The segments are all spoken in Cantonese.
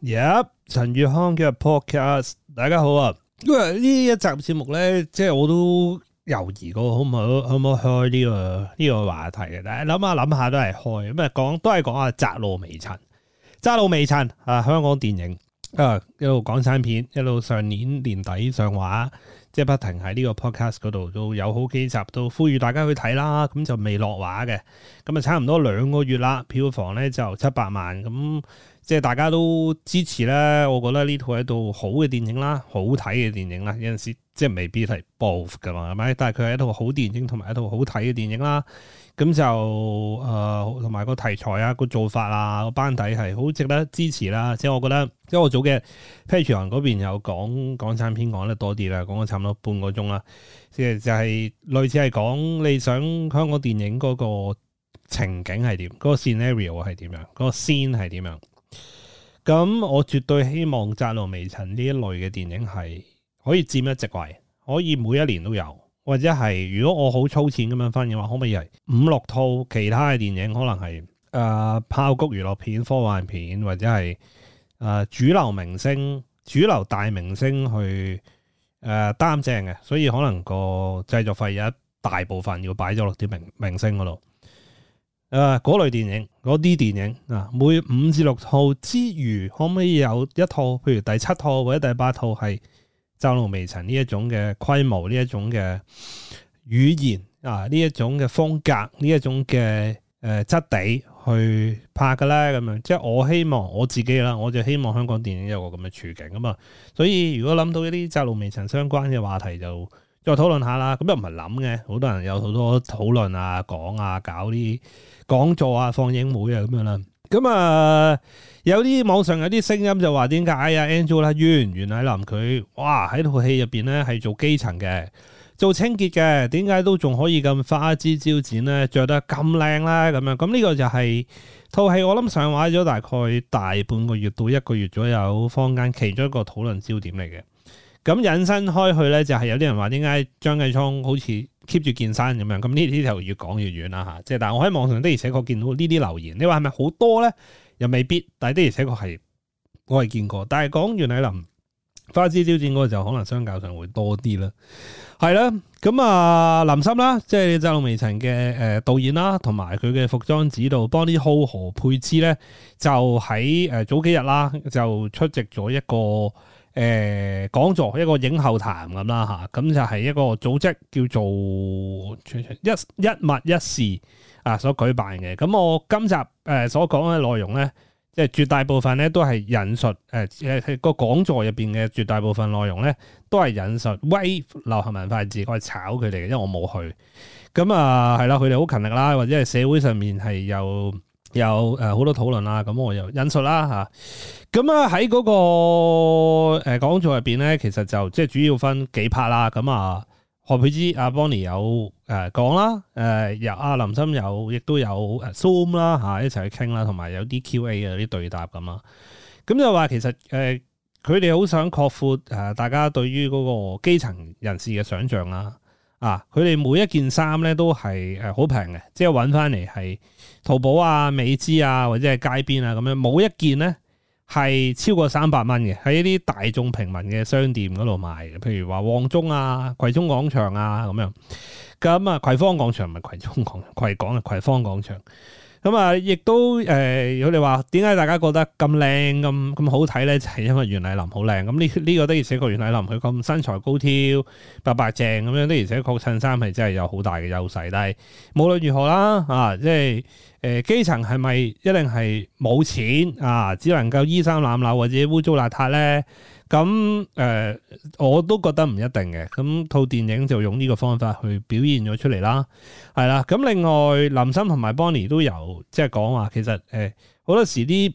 耶！陳宇、yep, 康嘅 podcast，大家好啊，因為呢一集節目咧，即係我都猶豫過好好，好唔好，這個，可唔可開呢個呢個話題嘅？但係諗下諗下都係開，咁啊講都係講下窄路微塵，窄路微塵啊，香港電影啊，一路港產片，一路上年年底上畫。即係不停喺呢個 podcast 嗰度都有好幾集都呼籲大家去睇啦，咁就未落畫嘅，咁啊差唔多兩個月啦，票房咧就七百萬，咁即係大家都支持咧，我覺得呢套係一套好嘅電影啦，好睇嘅電影啦，有陣時即係未必係爆㗎嘛，係咪？但係佢係一套好電影同埋一套好睇嘅電影啦，咁就誒同埋個題材啊、個做法啊、個班底係好值得支持啦，即係我覺得，即係我早嘅 Patreon 嗰邊有講港產片講得多啲啦，講個半個鐘啦，即係就係、是、類似係講你想香港電影嗰個情景係點，嗰、那個 scenario 係點樣，嗰、那個 scene 係點樣。咁、嗯、我絕對希望《窄路微塵》呢一類嘅電影係可以佔一席位，可以每一年都有。或者係如果我好粗淺咁樣分嘅話，可唔可以係五六套其他嘅電影，可能係誒爆谷娛樂片、科幻片，或者係誒、呃、主流明星、主流大明星去。誒，擔、呃，正嘅，所以可能個製作費有一大部分要擺咗落啲明明星嗰度。誒、呃，嗰類電影，嗰啲電影啊、呃，每五至六套之餘，可唔可以有一套？譬如第七套或者第八套，係窄路微塵呢一種嘅規模，呢一種嘅語言啊，呢、呃、一種嘅風格，呢一種嘅誒質地。去拍噶啦，咁樣即係我希望我自己啦，我就希望香港電影有個咁嘅處境啊嘛。所以如果諗到一啲窄路微塵相關嘅話題就，就再討論下啦。咁又唔係諗嘅，好多人有好多討論啊、講啊、搞啲講座啊、放映會啊咁樣啦。咁啊，有啲網上有啲聲音就話點解呀 Angel 啦袁，袁，袁澧林佢哇喺套戲入邊咧係做基層嘅。做清潔嘅，點解都仲可以咁花枝招展咧，着得咁靚啦咁樣，咁呢個就係套戲我諗上畫咗大概大半個月到一個月左右，坊間其中一個討論焦點嚟嘅。咁引申開去咧，就係有啲人話點解張繼聰好似 keep 住健身咁樣，咁呢啲就越講越遠啦吓，即係但係我喺網上的而且確見到呢啲留言，你話係咪好多咧？又未必，但的而且確係我係見過。但係講完，袁澧林。《花枝招展嗰個就可能相較上會多啲啦，係啦，咁啊林森啦，即係窄路微塵嘅誒導演啦，同埋佢嘅服裝指導 Bonnie Ho 何佩芝咧，就喺誒早幾日啦，就出席咗一個誒講、呃、座，一個影後談咁啦吓，咁就係一個組織叫做一一物一事啊所舉辦嘅，咁我今集誒所講嘅內容咧。即係絕大部分咧都係引述，誒誒係個講座入邊嘅絕大部分內容咧都係引述威流行文化字去炒佢哋嘅，因為我冇去，咁、嗯嗯、啊係啦，佢哋好勤力啦，或者係社會上面係有有誒好多討論啦，咁、嗯、我又引述啦嚇，咁啊喺嗰個誒、呃、講座入邊咧，其實就即係主要分幾 part 啦，咁、嗯、啊。嗯嗯。何佩芝、阿 Bonnie 有誒講啦，誒由阿林森有亦都有 Zoom 啦嚇，一齊去傾啦，同埋有啲 Q&A 嘅啲對答咁啊。咁就話其實誒，佢哋好想擴闊誒大家對於嗰個基層人士嘅想象啦。啊，佢哋每一件衫咧都係誒好平嘅，即係揾翻嚟係淘寶啊、美知啊或者係街邊啊咁樣，冇一件咧。係超過三百蚊嘅，喺一啲大眾平民嘅商店嗰度賣嘅，譬如話旺中啊、葵涌廣場啊咁樣。咁啊，葵芳廣場唔係葵涌廣場，葵港啊，葵芳廣場。咁啊，亦、嗯、都誒，如果你話點解大家覺得咁靚咁咁好睇咧，就係、是、因為袁澧林好靚。咁呢呢個的而且確袁澧林佢咁身材高挑，白白淨咁樣，的而且確襯衫係真係有好大嘅優勢。但係無論如何啦，啊，即係誒、呃、基層係咪一定係冇錢啊？只能夠衣衫襤褸或者污糟邋遢咧？咁誒，我都覺得唔一定嘅。咁套電影就用呢個方法去表現咗出嚟啦，係啦。咁另外，林森同埋 Bonnie 都有即係講話，其實誒好多時啲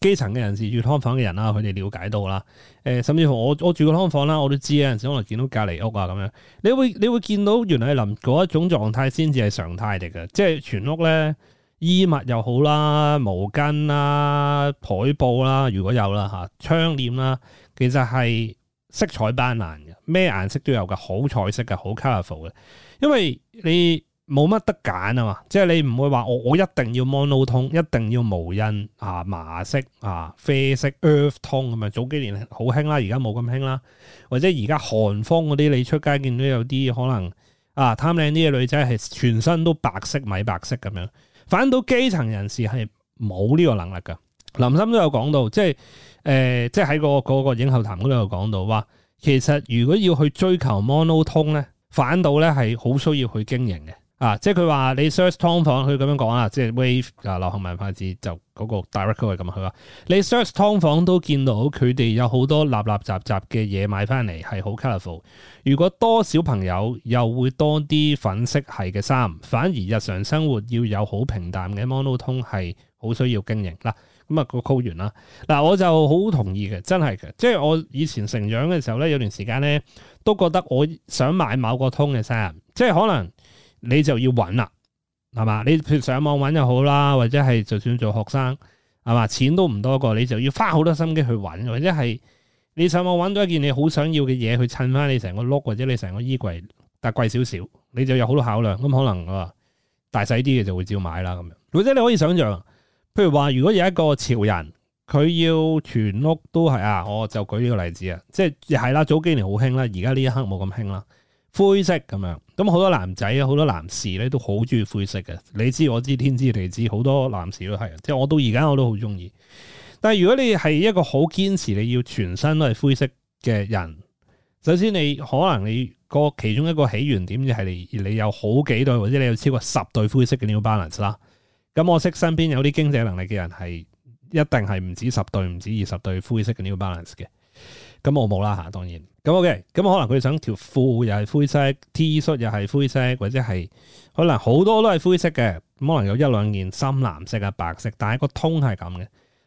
基層嘅人士住劏房嘅人啦，佢哋了解到啦。誒，甚至乎我我住個劏房啦，我都知啊。有陣時可能見到隔離屋啊咁樣，你會你會見到原來係林嗰一種狀態先至係常態嚟嘅，即係全屋咧衣物又好啦、毛巾啦、台布啦，如果有啦嚇、窗簾啦。其實係色彩斑斕嘅，咩顏色都有嘅，好彩色嘅，好 colourful 嘅。因為你冇乜得揀啊嘛，即係你唔會話我我一定要 monotone，一定要無印啊麻色啊啡色 earth tone。咁啊。早幾年好興啦，而家冇咁興啦。或者而家韓風嗰啲，你出街見到有啲可能啊貪靚啲嘅女仔係全身都白色米白色咁樣，反到基層人士係冇呢個能力嘅。林森都有講到，即係誒、呃，即係喺個嗰個影後談嗰度有講到，話其實如果要去追求 monoton 咧，反倒咧係好需要去經營嘅，啊，即係佢話你 search 湯房，佢咁樣講啊，即係 wave 啊流行文化字、啊、就嗰個 director 係咁，佢話你 search 湯房都見到佢哋有好多立立雜雜嘅嘢買翻嚟係好 colorful。如果多小朋友又會多啲粉色系嘅衫，反而日常生活要有好平淡嘅 monoton 係好需要經營嗱。咁啊，個購啦，嗱我就好同意嘅，真係嘅，即係我以前成長嘅時候咧，有段時間咧，都覺得我想買某個通嘅衫，即係可能你就要揾啦，係嘛？你譬如上網揾又好啦，或者係就算做學生，係嘛？錢都唔多過，你就要花好多心機去揾，或者係你上網揾到一件你好想要嘅嘢，去襯翻你成個碌，或者你成個衣櫃，但貴少少，你就有好多考量，咁可能啊大細啲嘅就會照買啦咁樣。或者你可以想象。譬如話，如果有一個潮人，佢要全屋都係啊，我就舉呢個例子啊，即係啦，早幾年好興啦，而家呢一刻冇咁興啦，灰色咁樣，咁好多男仔好多男士咧都好中意灰色嘅，你知我知天知地知，好多男士都係，即係我到而家我都好中意。但係如果你係一個好堅持，你要全身都係灰色嘅人，首先你可能你個其中一個起源點就係你，你有好幾對，或者你有超過十對灰色嘅 New Balance 啦。咁我識身邊有啲經濟能力嘅人係一定係唔止十對，唔止二十對灰色嘅 new balance 嘅，咁我冇啦吓、啊，當然咁 ok，咁可能佢想條褲又係灰色，T 恤又係灰色，或者係可能好多都係灰色嘅，可能有一兩件深藍色啊、白色，但係個 tone 係咁嘅。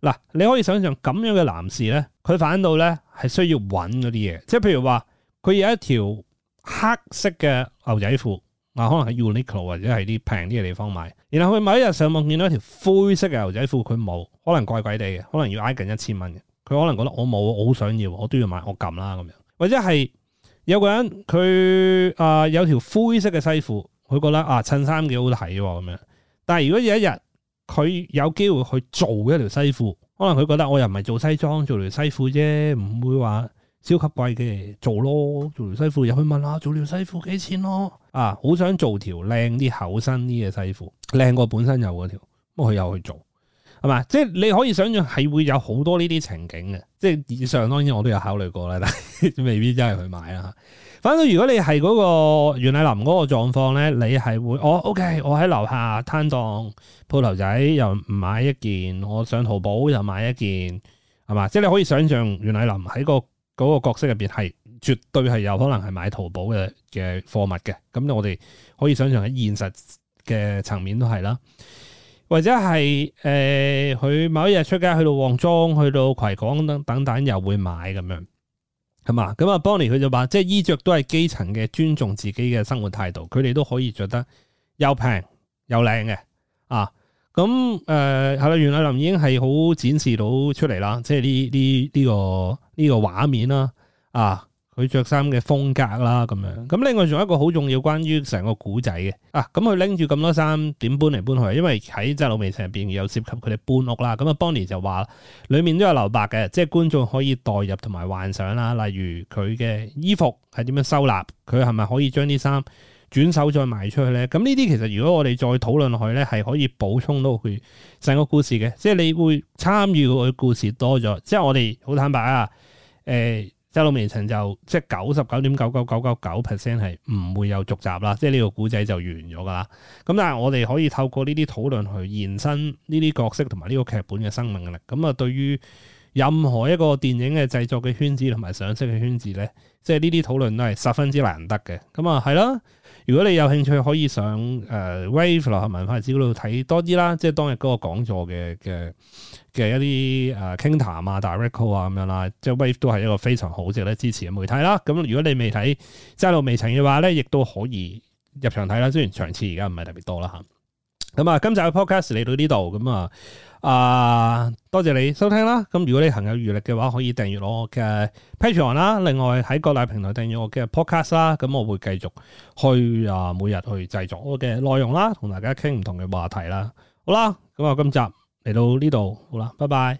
嗱，你可以想象咁樣嘅男士咧，佢反倒咧係需要揾嗰啲嘢，即係譬如話佢有一條黑色嘅牛仔褲。啊、可能喺 Uniqlo 或者係啲平啲嘅地方買，然後佢某一日上網見到一條灰色嘅牛仔褲，佢冇，可能貴貴地嘅，可能要挨近一千蚊嘅，佢可能覺得我冇，我好想要，我都要買，我撳啦咁樣。或者係有個人佢啊、呃、有條灰色嘅西褲，佢覺得啊襯衫幾好睇喎咁樣，但係如果有一日佢有機會去做一條西褲，可能佢覺得我又唔係做西裝，做條西褲啫，唔會話。超級貴嘅做咯，做條西褲入去問下，做條西褲幾錢咯？啊，好想做條靚啲、厚身啲嘅西褲，靚過本身有嗰條。咁佢又去做係嘛？即係你可以想象係會有好多呢啲情景嘅。即係以上當然我都有考慮過啦，但係未必真係去買啦。反正如果你係嗰個袁麗林嗰個狀況咧，你係會我、哦、OK，我喺樓下攤檔鋪頭仔又唔買一件，我上淘寶又買一件係嘛？即係你可以想象袁麗林喺、嗰個。嗰個角色入邊係絕對係有可能係買淘寶嘅嘅貨物嘅，咁我哋可以想象喺現實嘅層面都係啦，或者係誒佢某一日出街去到旺中、去到葵港等等等又會買咁樣，係嘛？咁啊 Bonnie 佢就話，即係衣着都係基層嘅尊重自己嘅生活態度，佢哋都可以着得又平又靚嘅啊！咁誒係啦，原來林英係好展示到出嚟啦，即係呢呢呢個呢、這個畫面啦，啊佢着衫嘅風格啦咁樣。咁另外仲有一個好重要關於成個古仔嘅啊，咁佢拎住咁多衫點搬嚟搬去，因為喺《窄路微塵》入邊有涉及佢哋搬屋啦。咁啊 Bonnie 就話裡面都有留白嘅，即係觀眾可以代入同埋幻想啦。例如佢嘅衣服係點樣收納，佢係咪可以將啲衫？轉手再賣出去咧，咁呢啲其實如果我哋再討論落去咧，係可以補充到佢成個故事嘅，即係你會參與佢嘅故事多咗。即係我哋好坦白啊，誒、呃，周老明陳就即係九十九點九九九九九 percent 係唔會有續集啦，即係呢個故仔就完咗噶啦。咁但係我哋可以透過呢啲討論去延伸呢啲角色同埋呢個劇本嘅生命力。咁啊，對於任何一個電影嘅製作嘅圈子同埋上色嘅圈子咧，即係呢啲討論都係十分之難得嘅。咁啊，係啦。如果你有興趣，可以上誒 Wave 流行文化誌嗰度睇多啲啦，即係當日嗰個講座嘅嘅嘅一啲誒傾談啊、大 recall 啊咁樣啦，即係 Wave 都係一個非常好值得支持嘅媒體啦。咁如果你未睇窄路微塵》嘅話咧，亦都可以入場睇啦。雖然場次而家唔係特別多啦嚇。咁啊，今集嘅 podcast 嚟到呢度，咁啊，啊、呃、多謝你收聽啦。咁如果你行有餘力嘅話，可以訂閱我嘅 Patreon 啦。另外喺各大平台訂閱我嘅 podcast 啦。咁我會繼續去啊，每日去製作我嘅內容啦，同大家傾唔同嘅話題啦。好啦，咁啊，今集嚟到呢度，好啦，拜拜。